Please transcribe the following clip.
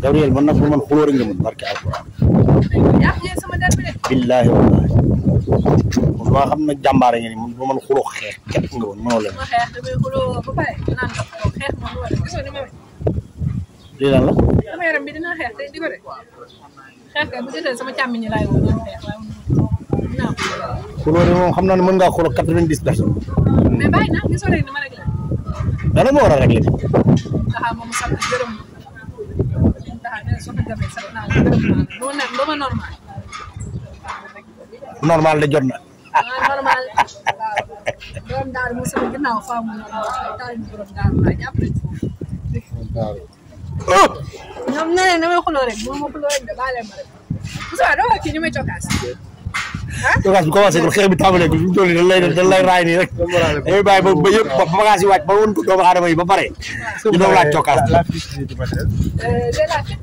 Gabriel man nag pour man xulóori nga mën barke alquran. billaahi wallaahi. kon waa xam na jàmbaare ngeen ni man pour man xuloo xeex képp nga mën mënoo leen. lii lan la. sama yaram bi dina xeex tey di ko de xeex kay bu desee sama càmmiñ laay woo doon xeex waaye dinaa ko. xulóo de moom xam naa ne mën ngaa xuloo quatre-vingt-dix personnes. mais bàyyi naa gisoo rek ni ma réglé. dana ma war a réglé. ndax moom sax gërëm. normal de jot na. normal. ñoom nee nañ damay xuloo rek bu ma xuloo rek de baale ma rek. Moussa dama kii ñu may cokkaas. bagage bi commencé gul xeex bi tàmbalee gul fi mu toll nii dañ lay dañ lay raay nii rek dañuy bàyyi ba ba yëpp ba bagage yi wàcc ba woon ko doomu aadama yi ba pare ñu doon laaj cokkaas